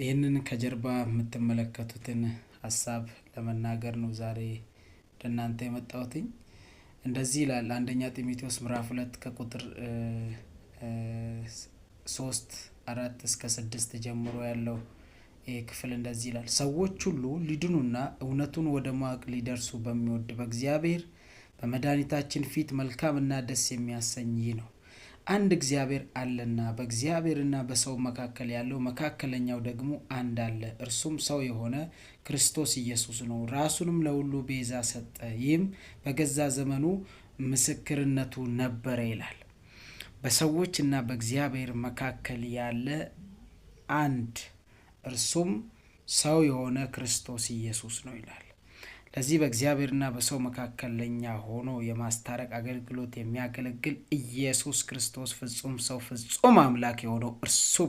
ይህንን ከጀርባ የምትመለከቱትን ሀሳብ ለመናገር ነው ዛሬ ለእናንተ የመጣሁትኝ። እንደዚህ ይላል አንደኛ ጢሞቴዎስ ምዕራፍ ሁለት ከቁጥር ሶስት አራት እስከ ስድስት ጀምሮ ያለው ይህ ክፍል እንደዚህ ይላል። ሰዎች ሁሉ ሊድኑና እውነቱን ወደ ማወቅ ሊደርሱ በሚወድ በእግዚአብሔር በመድኃኒታችን ፊት መልካምና ደስ የሚያሰኝ ይህ ነው። አንድ እግዚአብሔር አለና በእግዚአብሔርና በሰው መካከል ያለው መካከለኛው ደግሞ አንድ አለ፣ እርሱም ሰው የሆነ ክርስቶስ ኢየሱስ ነው። ራሱንም ለሁሉ ቤዛ ሰጠ፣ ይህም በገዛ ዘመኑ ምስክርነቱ ነበረ ይላል። በሰዎችና በእግዚአብሔር መካከል ያለ አንድ እርሱም ሰው የሆነ ክርስቶስ ኢየሱስ ነው ይላል። ለዚህ በእግዚአብሔርና በሰው መካከል ለኛ ሆኖ የማስታረቅ አገልግሎት የሚያገለግል ኢየሱስ ክርስቶስ ፍጹም ሰው ፍጹም አምላክ የሆነው እርሱ